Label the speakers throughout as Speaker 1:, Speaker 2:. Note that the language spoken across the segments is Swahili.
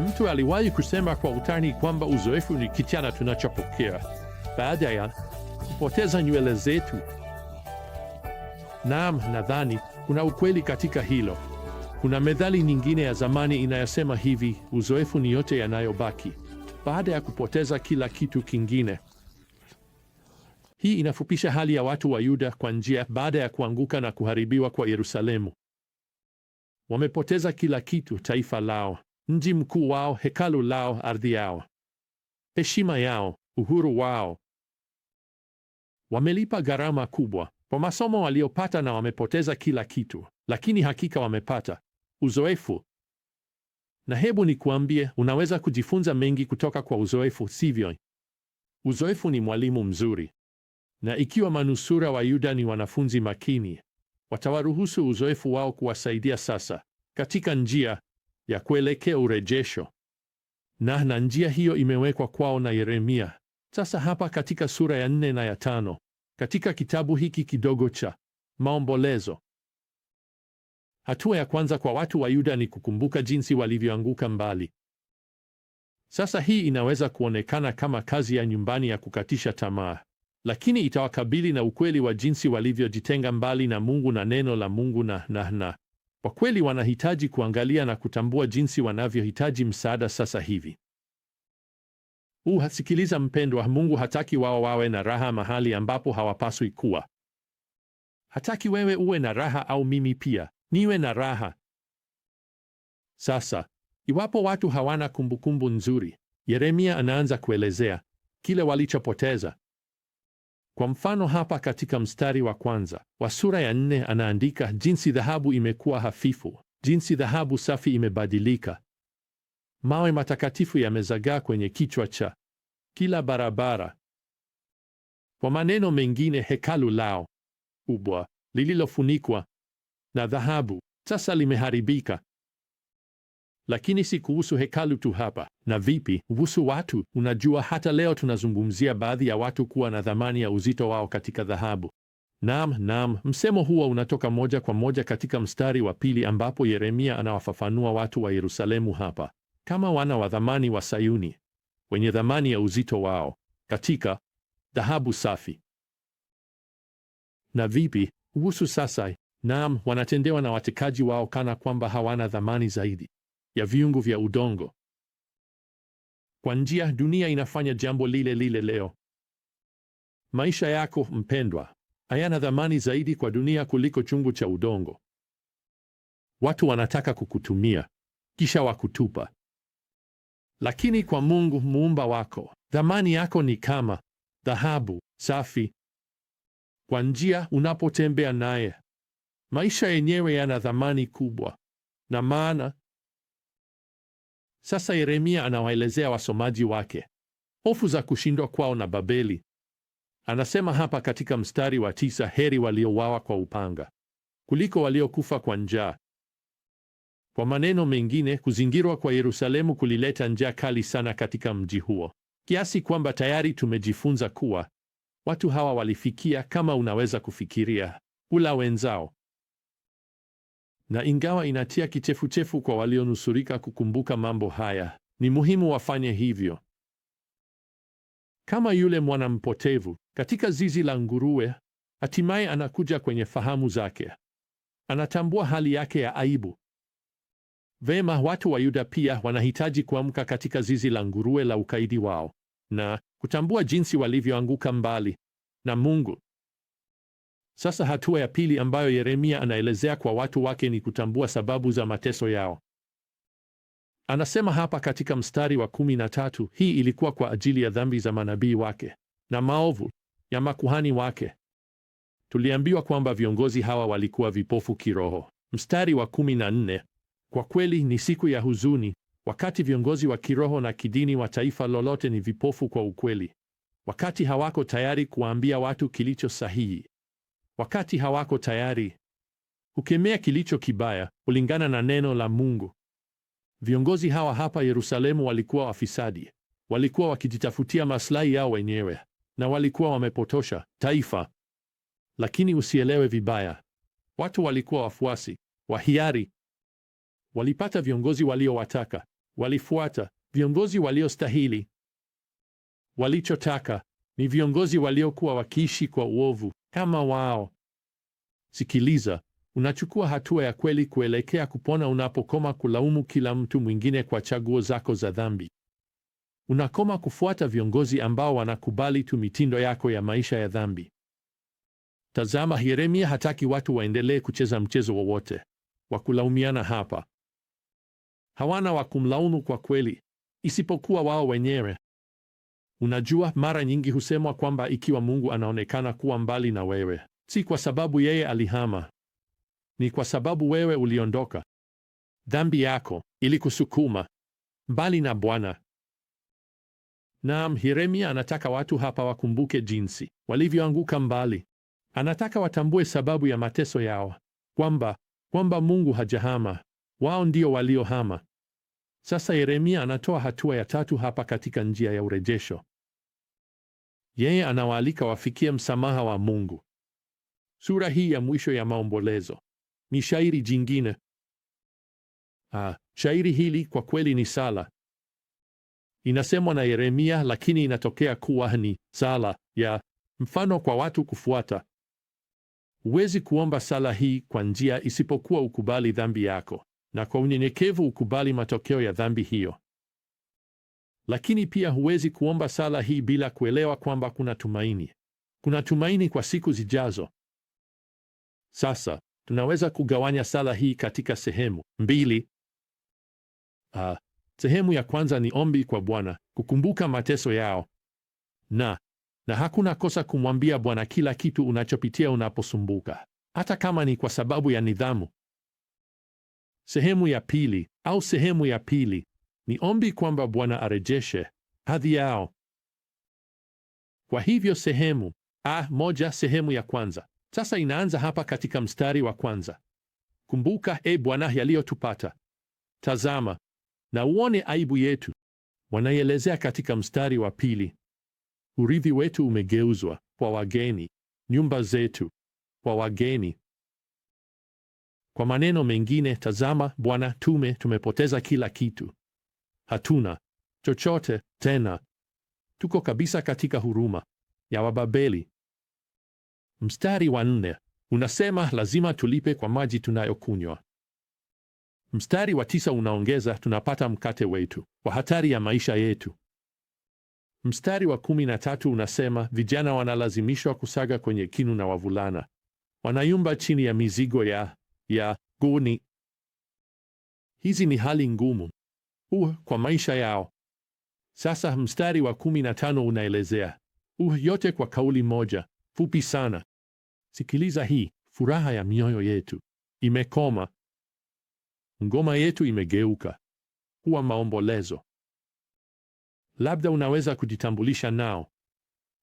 Speaker 1: Mtu aliwahi kusema kwa utani kwamba uzoefu ni kichana tunachopokea baada ya kupoteza nywele zetu. Naam, nadhani kuna ukweli katika hilo. Kuna methali nyingine ya zamani inayosema hivi, uzoefu ni yote yanayobaki baada ya kupoteza kila kitu kingine. Hii inafupisha hali ya watu wa Yuda kwa njia baada ya kuanguka na kuharibiwa kwa Yerusalemu. Wamepoteza kila kitu, taifa lao, mji mkuu wao, hekalu lao, ardhi yao, heshima yao, uhuru wao. Wamelipa gharama kubwa kwa masomo waliopata na wamepoteza kila kitu, lakini hakika wamepata uzoefu. Na hebu nikuambie, unaweza kujifunza mengi kutoka kwa uzoefu, sivyo? Uzoefu ni mwalimu mzuri, na ikiwa manusura wa Yuda ni wanafunzi makini, watawaruhusu uzoefu wao kuwasaidia sasa katika njia ya kuelekea urejesho, na na njia hiyo imewekwa kwao na Yeremia. Sasa hapa katika sura ya nne na ya tano katika kitabu hiki kidogo cha Maombolezo, hatua ya kwanza kwa watu wa Yuda ni kukumbuka jinsi walivyoanguka mbali. Sasa hii inaweza kuonekana kama kazi ya nyumbani ya kukatisha tamaa, lakini itawakabili na ukweli wa jinsi walivyojitenga mbali na Mungu na neno la Mungu na na na kwa kweli wanahitaji kuangalia na kutambua jinsi wanavyohitaji msaada sasa hivi. uu hasikiliza mpendwa, Mungu hataki wao wawe na raha mahali ambapo hawapaswi kuwa. Hataki wewe uwe na raha au mimi pia niwe na raha. Sasa, iwapo watu hawana kumbukumbu nzuri, Yeremia anaanza kuelezea kile walichopoteza. Kwa mfano hapa katika mstari wa kwanza wa sura ya nne anaandika jinsi dhahabu imekuwa hafifu, jinsi dhahabu safi imebadilika, mawe matakatifu yamezagaa kwenye kichwa cha kila barabara. Kwa maneno mengine, hekalu lao kubwa lililofunikwa na dhahabu sasa limeharibika lakini si kuhusu hekalu tu hapa. Na vipi kuhusu watu? Unajua, hata leo tunazungumzia baadhi ya watu kuwa na dhamani ya uzito wao katika dhahabu. Nam nam, msemo huo unatoka moja kwa moja katika mstari wa pili ambapo Yeremia anawafafanua watu wa Yerusalemu hapa kama wana wa dhamani wa Sayuni, wenye dhamani ya uzito wao katika dhahabu safi. Na vipi kuhusu sasa? Nam, wanatendewa na watekaji wao kana kwamba hawana dhamani zaidi ya viungu vya udongo. Kwa njia, dunia inafanya jambo lile lile leo. Maisha yako mpendwa, hayana dhamani zaidi kwa dunia kuliko chungu cha udongo. Watu wanataka kukutumia kisha wakutupa. Lakini kwa Mungu muumba wako, dhamani yako ni kama dhahabu safi. Kwa njia, unapotembea naye, maisha yenyewe yana dhamani kubwa na maana. Sasa Yeremia anawaelezea wasomaji wake hofu za kushindwa kwao na Babeli. Anasema hapa katika mstari wa tisa, heri waliouawa kwa upanga kuliko waliokufa kwa njaa. Kwa maneno mengine, kuzingirwa kwa Yerusalemu kulileta njaa kali sana katika mji huo, kiasi kwamba tayari tumejifunza kuwa watu hawa walifikia, kama unaweza kufikiria, kula wenzao na ingawa inatia kichefuchefu kwa walionusurika kukumbuka mambo haya, ni muhimu wafanye hivyo. Kama yule mwana mpotevu katika zizi la nguruwe, hatimaye anakuja kwenye fahamu zake, anatambua hali yake ya aibu. Vema, watu wa Yuda pia wanahitaji kuamka katika zizi la nguruwe la ukaidi wao na kutambua jinsi walivyoanguka mbali na Mungu. Sasa hatua ya pili ambayo Yeremia anaelezea kwa watu wake ni kutambua sababu za mateso yao. Anasema hapa katika mstari wa kumi na tatu, hii ilikuwa kwa ajili ya dhambi za manabii wake na maovu ya makuhani wake. Tuliambiwa kwamba viongozi hawa walikuwa vipofu kiroho. Mstari wa kumi na nne, kwa kweli ni siku ya huzuni wakati viongozi wa kiroho na kidini wa taifa lolote ni vipofu kwa ukweli, wakati hawako tayari kuwaambia watu kilicho sahihi wakati hawako tayari. kukemea kilicho kibaya kulingana na neno la Mungu. Viongozi hawa hapa Yerusalemu walikuwa wafisadi, walikuwa wakijitafutia maslahi yao wenyewe na walikuwa wamepotosha taifa. Lakini usielewe vibaya, watu walikuwa wafuasi wa hiari. Walipata viongozi waliowataka, walifuata viongozi waliostahili. Walichotaka ni viongozi waliokuwa wakiishi kwa uovu kama wao. Sikiliza, unachukua hatua ya kweli kuelekea kupona unapokoma kulaumu kila mtu mwingine kwa chaguo zako za dhambi. Unakoma kufuata viongozi ambao wanakubali tu mitindo yako ya maisha ya dhambi. Tazama, Yeremia hataki watu waendelee kucheza mchezo wowote wa, kulaumiana hapa. Hawana wa kumlaumu kwa kweli isipokuwa wao wenyewe. Unajua, mara nyingi husemwa kwamba ikiwa Mungu anaonekana kuwa mbali na wewe, si kwa sababu yeye alihama, ni kwa sababu wewe uliondoka. Dhambi yako ilikusukuma mbali na Bwana. Naam, Yeremia anataka watu hapa wakumbuke jinsi walivyoanguka mbali. Anataka watambue sababu ya mateso yao, kwamba kwamba Mungu hajahama, wao ndio waliohama. Sasa Yeremia anatoa hatua ya tatu hapa katika njia ya urejesho. Yeye anawaalika wafikie msamaha wa Mungu. Sura hii ya mwisho ya maombolezo ni shairi jingine. Ah, shairi hili kwa kweli ni sala. Inasemwa na Yeremia, lakini inatokea kuwa ni sala ya mfano kwa watu kufuata. Huwezi kuomba sala hii kwa njia isipokuwa ukubali dhambi yako na kwa unyenyekevu ukubali matokeo ya dhambi hiyo. Lakini pia huwezi kuomba sala hii bila kuelewa kwamba kuna tumaini, kuna tumaini kwa siku zijazo. Sasa tunaweza kugawanya sala hii katika sehemu mbili. Uh, sehemu ya kwanza ni ombi kwa Bwana, kukumbuka mateso yao, na na hakuna kosa kumwambia Bwana kila kitu unachopitia unaposumbuka, hata kama ni kwa sababu ya nidhamu. Sehemu ya pili au sehemu ya pili ni ombi kwamba Bwana arejeshe hadhi yao. Kwa hivyo sehemu a ah, moja, sehemu ya kwanza sasa inaanza hapa katika mstari wa kwanza. Kumbuka e Bwana yaliyotupata, tazama na uone aibu yetu. Wanaielezea katika mstari wa pili, urithi wetu umegeuzwa kwa wageni, nyumba zetu kwa wageni. Kwa maneno mengine, tazama Bwana, tume tumepoteza kila kitu hatuna chochote tena, tuko kabisa katika huruma ya Wababeli. Mstari wa nne unasema lazima tulipe kwa maji tunayokunywa. Mstari wa tisa unaongeza tunapata mkate wetu wa hatari ya maisha yetu. Mstari wa kumi na tatu unasema vijana wanalazimishwa kusaga kwenye kinu na wavulana wanayumba chini ya mizigo ya ya guni. Hizi ni hali ngumu uh kwa maisha yao. Sasa mstari wa kumi na tano unaelezea uh yote kwa kauli moja fupi sana. Sikiliza hii, furaha ya mioyo yetu imekoma, ngoma yetu imegeuka kuwa maombolezo. Labda unaweza kujitambulisha nao.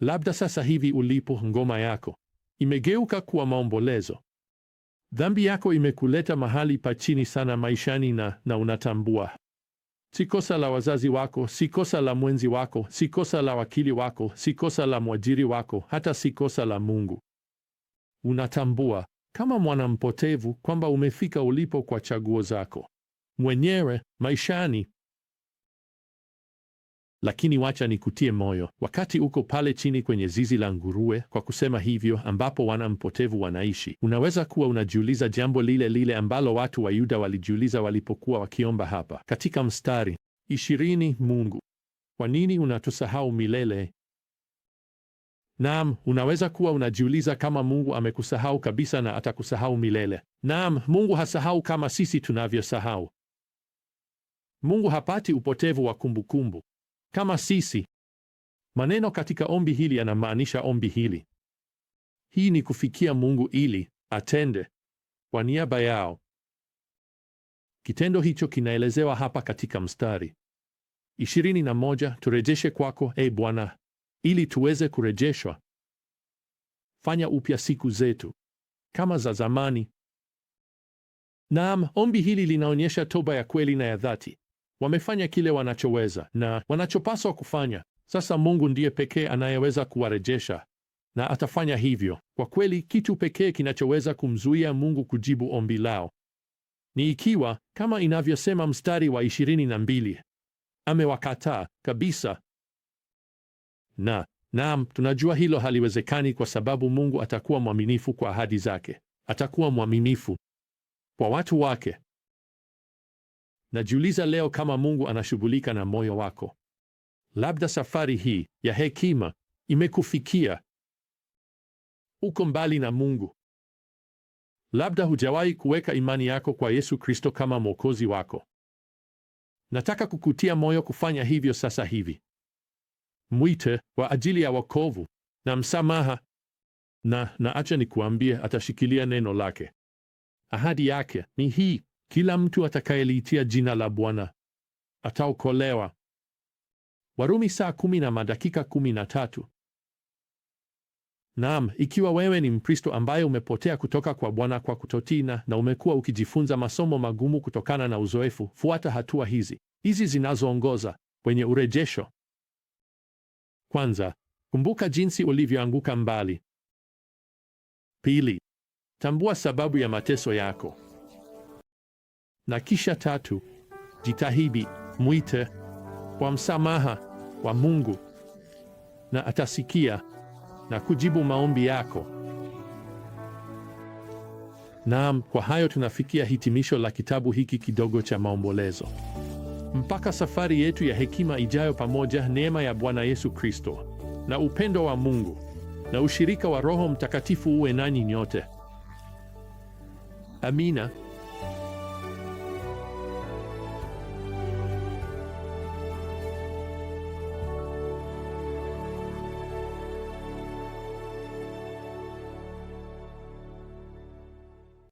Speaker 1: Labda sasa hivi ulipo, ngoma yako imegeuka kuwa maombolezo. Dhambi yako imekuleta mahali pa chini sana maishani na na unatambua Si kosa la wazazi wako, si kosa la mwenzi wako, si kosa la wakili wako, si kosa la mwajiri wako, hata si kosa la Mungu. Unatambua kama mwanampotevu kwamba umefika ulipo kwa chaguo zako mwenyewe maishani. Lakini wacha nikutie moyo, wakati uko pale chini kwenye zizi la nguruwe, kwa kusema hivyo, ambapo wana mpotevu wanaishi, unaweza kuwa unajiuliza jambo lile lile ambalo watu wa Yuda walijiuliza walipokuwa wakiomba hapa katika mstari ishirini: Mungu, kwa nini unatusahau milele? Naam, unaweza kuwa unajiuliza kama Mungu amekusahau kabisa na atakusahau milele. Naam, Mungu hasahau kama sisi tunavyosahau. Mungu hapati upotevu wa kumbukumbu kama sisi. Maneno katika ombi hili yanamaanisha ombi hili. Hii ni kufikia Mungu ili atende kwa niaba yao. Kitendo hicho kinaelezewa hapa katika mstari ishirini na moja turejeshe kwako, e Bwana, ili tuweze kurejeshwa. Fanya upya siku zetu kama za zamani. Naam, ombi hili linaonyesha toba ya kweli na ya dhati. Wamefanya kile wanachoweza na wanachopaswa kufanya. Sasa Mungu ndiye pekee anayeweza kuwarejesha na atafanya hivyo. Kwa kweli, kitu pekee kinachoweza kumzuia Mungu kujibu ombi lao ni ikiwa, kama inavyosema mstari wa 22 amewakataa kabisa. Na naam, tunajua hilo haliwezekani, kwa sababu Mungu atakuwa mwaminifu kwa ahadi zake, atakuwa mwaminifu kwa watu wake. Najiuliza leo kama Mungu anashughulika na moyo wako. Labda safari hii ya hekima imekufikia. Uko mbali na Mungu. Labda hujawahi kuweka imani yako kwa Yesu Kristo kama Mwokozi wako. Nataka kukutia moyo kufanya hivyo sasa hivi. Mwite kwa ajili ya wokovu na msamaha, na na acha nikuambie, atashikilia neno lake. Ahadi yake ni hii. Kila mtu atakayeliitia jina la Bwana ataokolewa. Warumi saa kumi na madakika kumi na tatu. Naam, ikiwa wewe ni Mkristo ambaye umepotea kutoka kwa Bwana kwa kutotina na umekuwa ukijifunza masomo magumu kutokana na uzoefu, fuata hatua hizi hizi zinazoongoza kwenye urejesho. Kwanza, kumbuka jinsi ulivyoanguka mbali. Pili, tambua sababu ya mateso yako. Na kisha tatu, jitahidi mwite kwa msamaha wa Mungu na atasikia na kujibu maombi yako. Naam, kwa hayo tunafikia hitimisho la kitabu hiki kidogo cha maombolezo. Mpaka safari yetu ya hekima ijayo pamoja, neema ya Bwana Yesu Kristo na upendo wa Mungu na ushirika wa Roho Mtakatifu uwe nanyi nyote. Amina.